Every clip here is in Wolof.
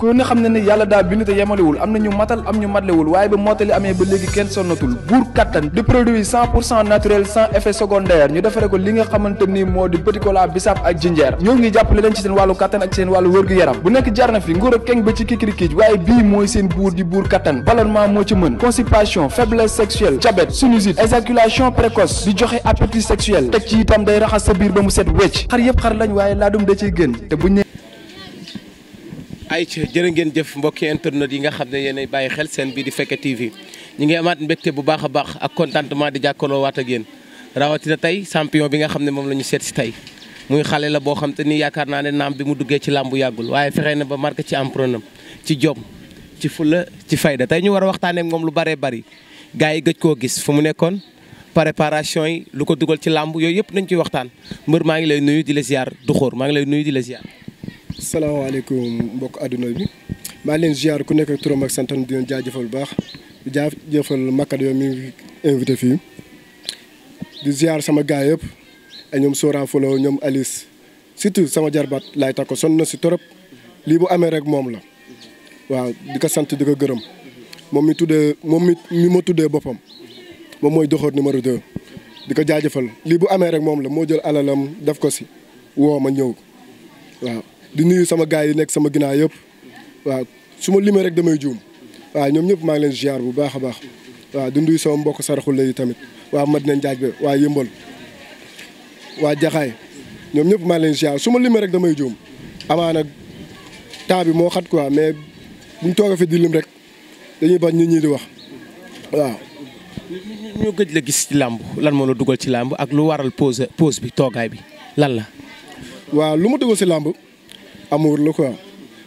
ku ne xam ne ne yàlla daal bindu te yemalewul am na ñu matal am ñu matlewul waaye ba mottali amee ba léegi kenn sonnatul buur kattan di produit cent pour cent naturel sans effet secondaire ñu defare ko li nga xamante ni moo di petit bisaab ak jinjeer ñoo ngi jàppale leen ci seen wàllu kattan ak seen wàllu wërgu-yaram bu nekk jarna fi nguur ak keng ba ci kikirikiij waaye bii mooy seen buur di buur kattan ballonnement moo ci mën constipation faiblesse précoce di joxe appétit sexuel teg itam day raxas sa biir ba mu set wecc xar yëpp laa dum da ay ci jërë ngeen jëf mbokki internet yi nga xam ne yéenay bàyyi xel seen bii di fekk TV ñi ngi amaat mbégte bu baax a baax ak contentement di jàkkaloo waat ak yéen rawatina tey champion bi nga xam ne moom la ñu seet si tey muy xale la boo xam te ni yaakaar naa ne naam bi mu duggee ci làmb yàggul waaye fexe na ba marqué ci emprenam ci jom ci fulla ci fayda tey ñu war a waxtaanee moom lu bëree bari gars yi gëj koo gis fu mu nekkoon préparation yi lu ko dugal ci làmb yooyu yëpp nañ ciy waxtaan mbër maa ngi lay nuyu di la ziar du xóor ngi lay nuyu di la ziar salaamaaleykum mbokk àdduna bi maa ngi leen ziar ku nekk turam ak santam di leen jaajëfal bu baax di jaajëfal Makane yow mi invité fii di ziar sama gaay yëpp ay ñoom Sora Folo ñoom Alice surtout sama jarbaat laay takko sonn na si trop lii bu amee rek moom la waaw di ko sant di ko gërëm moom mi tuddee moom mi mi ma tuddee boppam moom mooy doxoor numéro 2 di ko jaajëfal lii bu amee rek moom la moo jël alalam def ko si woo ma ñëw waaw di nuyu sama gars yi nekk sama ginnaaw yëpp waaw su ma limee rek damay juum waaw ñoom ñëpp maa ngi leen ziar bu baax a baax waaw di nuyu sama mbokk saraxule yi tamit waa Madina Njaaj bi waa Yëmbal waa ñoom ñëpp maa ngi leen ziar su ma limee rek damay juum temps bi moo xat quoi mais buñ toogee fi di lim rek dañuy bañ nit ñi di wax waaw. ñu gëj la gis ci làmb lan moo la dugal ci làmb ak lu waral pause poose bi toogaay bi lan la. waaw lu ma dugal si làmb. amour la quoi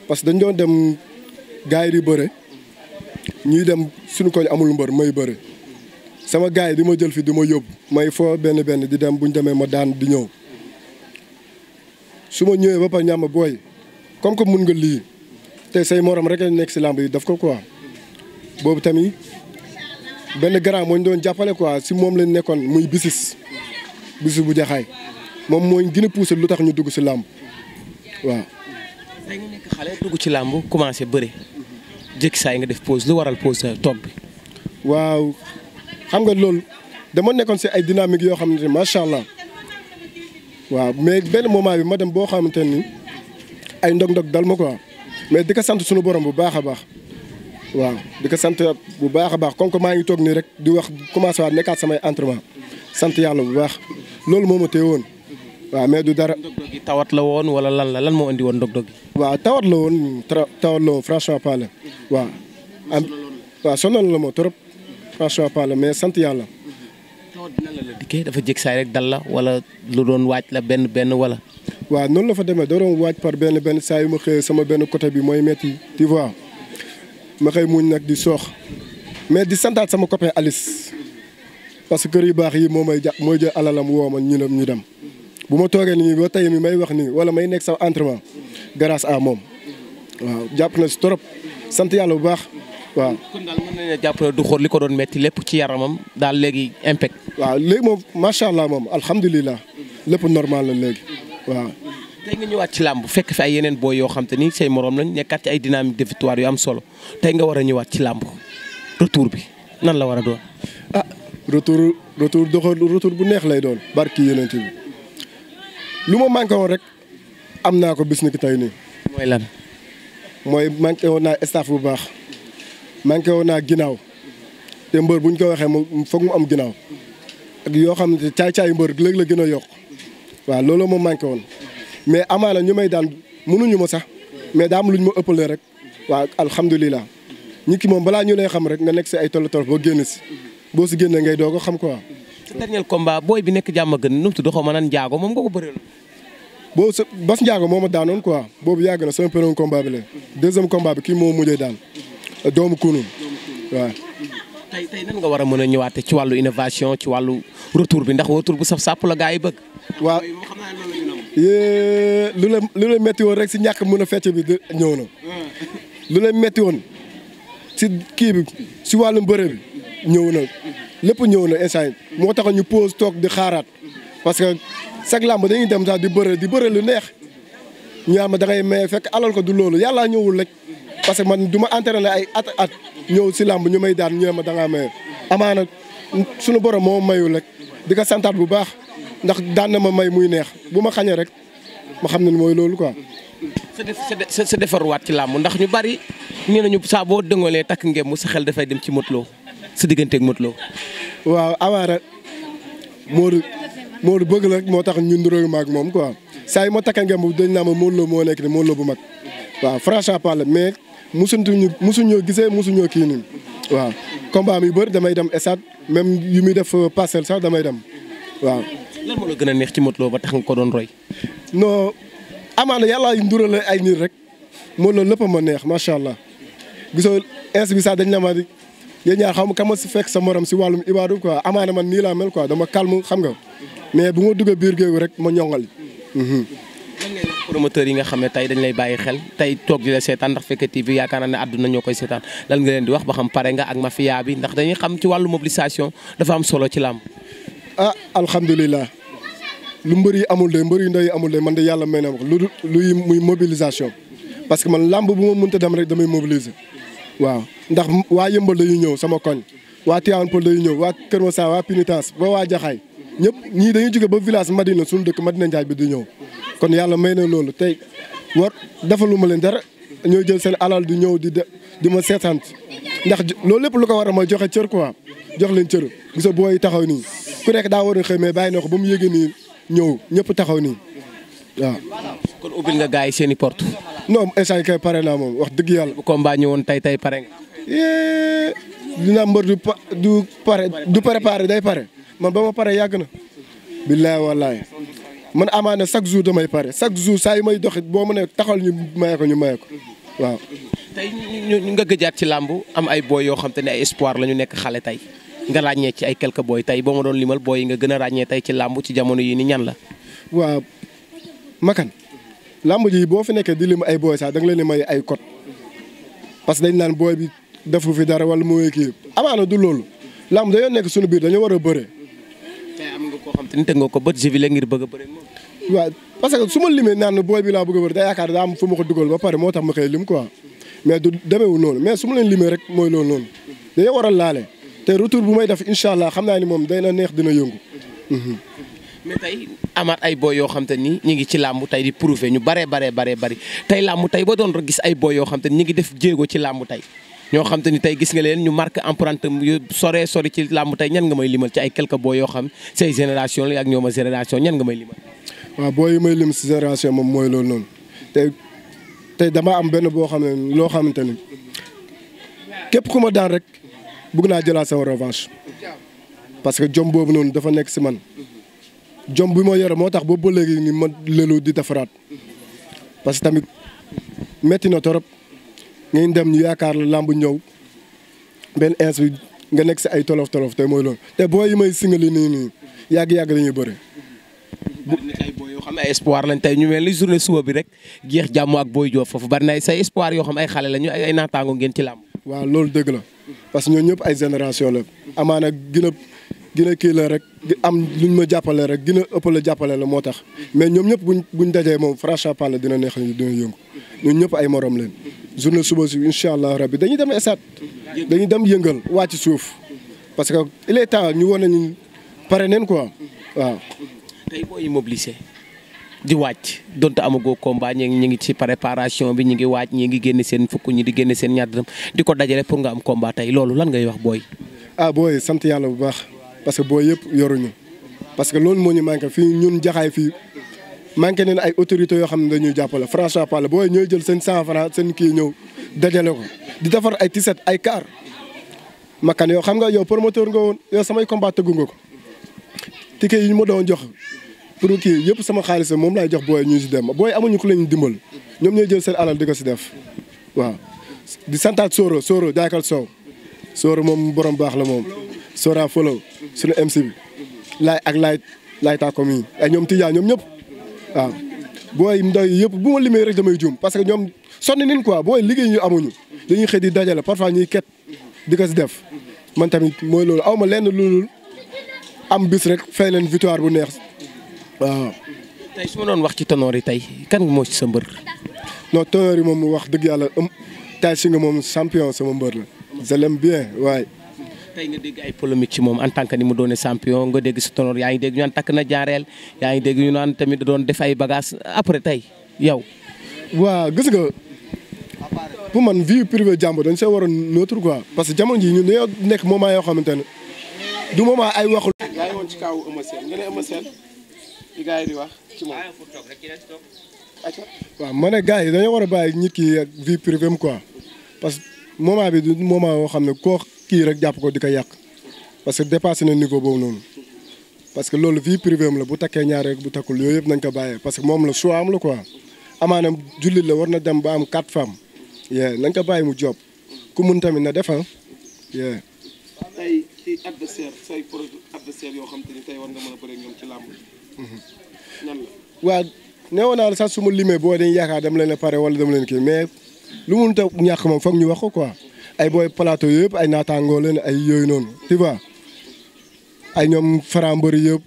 parce que dañ doon dem gars yi di bëre ñuy dem suñu koñ amul mbër may bëre sama gars yi di ma jël fi di ma yóbbu may foo benn benn di dem bu ñu demee ma daan di ñëw su ma ñëwee ba pare ñaama booy comme que mun nga lii te say morom rek lañ nekk si làmb yi daf ko quoi boobu tamit benn grand moo doon jàppale quoi si moom lañ nekkoon muy bisis bisis bu jaxaay moom mooñ gën a lu tax ñu dugg si làmb waaw tey nga dugg ci làmb commencé bëre jékki saa yi nga def pause lu waral pause sa toog bi. waaw xam nga loolu dama nekkoon si ay dynamique yoo xam ne macha allah waaw mais benn moment bi ma dem boo xamante ni ay ndog-ndog dal ma quoi mais di ko sant sunu borom bu baax a baax. waaw di ko sant bu baax a baax comme que maa ngi toog nii rek di wax commencé waat nekkaat samay entraînement sant yàlla bu baax loolu moo ma téye woon waaw mais du dara. tawat la woon wala lan la lan moo andi woon ndog-ndog yi. waaw tawat la woon tawat la woon franchement parler waaw. am la moo trop franchement parler mais sant yàlla. tawat bi la la dafa jég saay rek dal la wala lu doon waaj la benn benn wala. waa noonu la fa demee da doon waaj par benn benn saa yu ma xëyee sama benn côté bi mooy métti tu vois ma xëy muñ nag di soox mais di santaat sama copain Alice parce que kër yu baax yi moo may ja mooy jël alalam woo ma ñu dem. bu ma toogee nii ba tey mi may wax nii wala may nekk sa entraînement grâce à moom waaw jàpp na si trop sant yàlla bu baax waaw. kon daal mën jàpp du xool li ko doon metti lépp ci yaramam daal léegi impect waaw léegi moom macha allah moom alhamdulilah lépp normal la léegi waaw. tey nga ñëwaat ci làmb fekk fi ay yeneen booy yoo xam te ni say morom lañ nekkaat ci ay dynamique de victoire am solo tey nga war a ñëwaat ci làmb retour bi nan la war a doon. ah retour retour retour bu neex lay doon barki yeneen bi lu ma manqué woon rek am naa ko bis ni mooy lan. mooy manqué woon naa staff bu baax manqué woon naa ginnaaw te mbër bu ñu ko waxee mu foog mu am ginnaaw ak yoo xam ne caay-caay mbër léeg la gën a yokk waaw loolu ma manqué woon mais amaana ñu may daan mënuñu ma sax mais daa am lu ñu ma ëppalee rek waaw alhamdulilah ñi ki moom balaa ñu lay xam rek nga nekk si ay tollu tollu boo génn si boo si génnee ngay doogo a xam quoi. sa dernier booy bi nekk jàmm gën nu mu tudd xaw ma naan moom nga ko bëreel. boobu sa Bas Ndiago moom a daanoon quoi boobu yàgg na sama premier combat bi la deuxième combat bi kii moo mujjee daan doomu kunun waaw. tey nan nga war a mën a ñëwaate ci wàllu innovation ci wàllu retour bi ndax retour bu saf sàpp la yi bëgg. waaw lu la lu la métti woon rek si ñàkk mun a fecc bi di ñëw na. Hmm. lu la métti woon si kii si wàllu mbëre bi na. lépp ñëw na instant moo tax ñu pause toog di xaaraat parce que chaque làmb dañuy dem sax di bëre di bëre lu neex ñu dangay maye fekk alal ko du loolu yàlla ñëwul rek parce que man du ma entraîné ay at at ñëw si làmb ñu may daan ñu ma da ngaa maye. amaana sunu borom moo mayul rek di ko santaat bu baax ndax daan na ma may muy neex bu ma xañee rek ma xam ne mooy loolu quoi. sa defarwaat ci làmb ndax ñu bari nee nañu saa boo dëngalee takk ngeen mu sa xel dafay dem ci Modou sa digganteeg Modou waaw awaara moo Modou bëgg la moo tax ñun niróo ma moom quoi saa yi ma takka ngeen moom dañ naa ma Modou Lo moo nekk nii Modou Lo bu mag waaw franchement parle mais musuñu musuñoo gisee musuñoo kii nii waaw. combat mi bëri damay dem stade même yu muy def euh, parcelle sax damay dem waaw. lan moo la gën a neex ci Modou Lo ko doon roy. non amaana yàlla ndurale ay niir rek Modou Lo lépp a neex macha allah gisoo insi bi sax dañ la ma yéen ñaar xaw ma ka ma si fekk sa morom si wàllum ibaadu quoi amaana man nii laa mel quoi dama calme xam nga mais bu ma duggee biir géewu rek ma ñoŋal. Mhm. promoteurs yi nga xam ne tey dañ lay bàyyi xel tey toog di la seetaan ndax Fekke TV yaakaar naa ne àdduna ñoo koy seetaan lan nga leen di wax ba xam pare nga ak mafia bi ndax dañuy xam ci wàllu mobilisation dafa am solo ci làmb ah alhamdulilah lu mbër yi amul de mbër yu ndaw yi amul de man de yàlla may na wax luy muy mobilisation parce que man làmb bu ma mënta dem rek damay mobiliser waaw ndax waa yëmbal dañuy ñëw sama koñ waa Tivaouane Peulh dañuy ñëw waa Kër Moussa waa Pénitence ba waa Jaxaay ñëpp ñii dañuy juge ba village Madina suñu dëkk Madina Njaay bi di ñëw kon yàlla may na loolu tey war defaluma leen dara ñoo jël seen alal di ñëw di di ma seetaan ndax loolu lépp lu ko war a mooy joxe cër quoi jox leen cër gisa booy taxaw nii ku nekk daa war a xëy mais bàyyi na ko ba mu yéegee nii ñëw ñëpp taxaw nii waaw. kon ubbil nga yi seen i porte non instant kay pare naa moom wax dëgg yàlla. combat woon tey tey pare nga. Eh, dina du pa du pare du préparé day pare man ba ma pare yàgg na. billaay wallaay man amaana chaque jour damay pare chaque jour saa yu may doxit boo ma ne taxal ñu maye ko ñu maye ko waaw. tey ñu nga gëjaat ci làmb am ay booy yoo xam te ne ay espoir la ñu nekk xale tey nga ràññee ci ay quelques booy tey boo ma doon limal booy yi nga gën a ràññee tey ci làmb ci jamono yi ni ñan la. waaw làmb ji boo fi nekkee di lim ay booy sax da nga leen di may ay code parce que dañ naan booy bi defu fi dara wala mooy kii amaana du loolu lamb làmb yoo nekk suñu biir dañoo war a bëre. tey am te nga ko bët jëfee ngir bëgg a bëre moom. parce que su ma limee naan booy bi laa bëgg a bëre day yaakaar daa am fu ma ko dugal ba pare moo tax ma koy lim quoi mais du demeewul noonu mais su ma limee rek mooy loolu noonu dañoo war a laale te retour bu may def incha allah xam naa ni moom day na neex dina yëngu. Mhm. mais tey amaat ay boy yoo xam te ni ñu ngi ci làmb tey di prouver ñu baree baree baree tey làmb tey ba doon gis ay boy yoo xam te ni ñu ngi def jéego ci làmb tey ñoo xam te ni tey gis nga leen ñu marque empreinte yu sore sori ci làmb tey ñan nga may limal ci ay quelques yoo xam say génération la ak ñoom génération ñan nga may limal. waaw boy yi may lim si moom mooy loolu noonu tey tey dama am benn boo xam ne loo xamante ni képp ku ma daan rek bëgg naa jëlaat sama revanche parce que jom boobu noonu dafa nekk si man. jom bi moo yore moo tax boobu ba léegi ni ma lelu di defaraat parce que tamit metti na torop ngeen dem ñu yaakaar la làmb ñëw benn ins bi nga nekk si ay tolof tolof te mooy loolu te boo yi may singali nii nii yàgg yàgg la ñuy bëre. ay booy xam ne ay lañ tey ñu mel ni journée suba bi rek jeex jàmm ak booy joof foofu bari na say espoir yoo xam ay xale lañu ay naataango ngeen ci làmb. waaw loolu dëgg la parce que ñooñu ñëpp ay génération la amaana gën a gën kii la rek am luñ ma jàppale rek gën a ëppale jàppale la moo tax mais ñoom ñëpp bu buñ dajee moom franchement parle dina neex ni dina yëngu ñun ñëpp ay morom leen journée suba si incha allah rabbi dañuy dem esat dañuy dem yëngal wàcc suuf parce que il est temps ñu wone ñu pare neen quoi waaw. tey boo ñu mobilisé di wàcc donte amagoo combat ñu ngi ñu ngi ci préparation bi ñu ngi wàcc ñi ngi génn seen fukk ñi di génne seen ñaar dërëm di ko dajale pour nga am combat tey loolu lan ngay wax booy. Ah, bu baax. parce que booy yëpp yoruñu parce que loolu moo ñu manqué fii ñun jaxaay fii manqué neen ay autorités yoo xam ne ñuy jàppale franchement parle booy ñooy jël seen cent franc seen kii ñëw dajale ko di defar ay tiset ay car makan yoo xam nga yow promoteur nga woon yow samay combat tëggu nga ko ticket yi ñu ma doon jox pour kii yëpp sama xaalis moom lay jox booy ñu si dem booy amuñu ku lañu dimbal ñoom ñooy jël seen alal di ko si def waaw di santaat Soro Soro jaakal soow Soro moom borom baax la moom Sora follow suñu MC bi laay ak laay laay tàkkoom yi ay ñoom Tidjane ñoom ñëpp waaw. booy ndaw yëpp bu ma limee rek damay juum parce que ñoom sonn nañ quoi booy liggéey ñu amuñu dañuy xëy di dajale parfois ñuy ket di ko si def man tamit mooy loolu aw ma lenn loolu am bis rek fay leen victoire bu neex waaw. tey su ma wax ci Tonnerre yi tey kan moo ci sa mbër. noo Tonnerre yi moom wax dëgg yàlla am um, taay si nga moom champion sama mbër la. je l'aime bien waaye. tey nga dégg ay polémique ci moom en tant que ni mu doone champion nga dégg si tonor yaa ngi dégg ñu naan takk na jaareel yaa ngi dégg ñu naan tamit da doon def ay bagage après tey yow. waaw gis nga pour man vie privée jàmbur dañ see waroon neutre quoi que jamono jii ñun nekk moment yoo xamante ne du moment ay wax. yaa ngi woon ci kaw Eumeu Sène moom. waaw ma ne gars yi dañoo war a du moment yoo xam ne kii rek jàpp ko di ko yàq parce que dépassé na niveau boobu noonu parce que loolu vie privée la bu takkee ñaar rek bu takkul yooyu yëpp nañ ko bàyyee parce que moom la choix am la quoi amaanaam na dem ba am quatre femmes yee nañ ko bàyyi mu job ku mun tamit na defal ah yee tey ci adversaire say projet adversaire yoo xam te ni tey a bëre mhm. naa la sax su limee boo dañ yaakaar dama leen a pare wala dama leen kii mais lu mun ta ñàkk moom foog ñu wax ko quoi ay booy plateau yëpp ay naataangoo leen ay yooyu noonu tu vois ay ñoom farambëri yëpp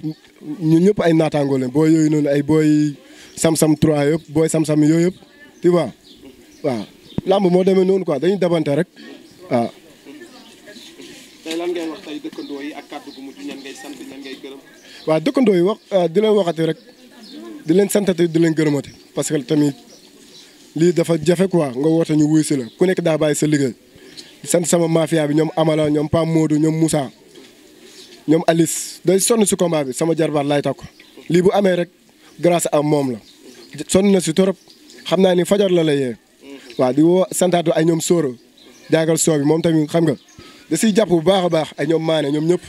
ñu ñëpp ay naataangoo leen booy yooyu noonu ay booy sam-sam yëpp booy sam-sam yooyu yëpp tu vois waaw làmb moo demee noonu quoi dañuy dabante rek waaw. tey lan ngay wax dëkkandoo yi wax euh, di leen waxati rek di leen santati di leen gërëmati parce que tamit lii dafa jafe quoi nga woote ñu wuy si la ku nekk daa bàyyi sa liggéey. sant sama mafia bi ñoom Amala ñoom Pam Modou ñoom Moussa ñoom Alice day sonn si combat sama jarbaat lay takk lii bu amee rek grâce à moom la sonn na si torop xam naa ni fajar la la yee waaw di woo santaatu ay ñoom sooro jaagal soo bi moom tamit xam nga da siy jàpp bu baax a baax ay ñoom maane ñoom ñëpp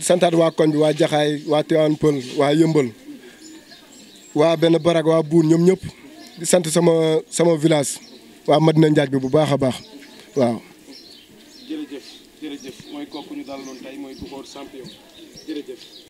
santaat waa koñ bi waa jaxaay waa Tiwaan Pël waa yëmbal waa benn barak waa buun ñoom ñëpp di sant sama sama village waa Madina Njaaj bi bu baax a baax waaw. jërëjëf jërëjëf mooy kooku ñu daloon tey mooy Doukhor champion jërëjëf.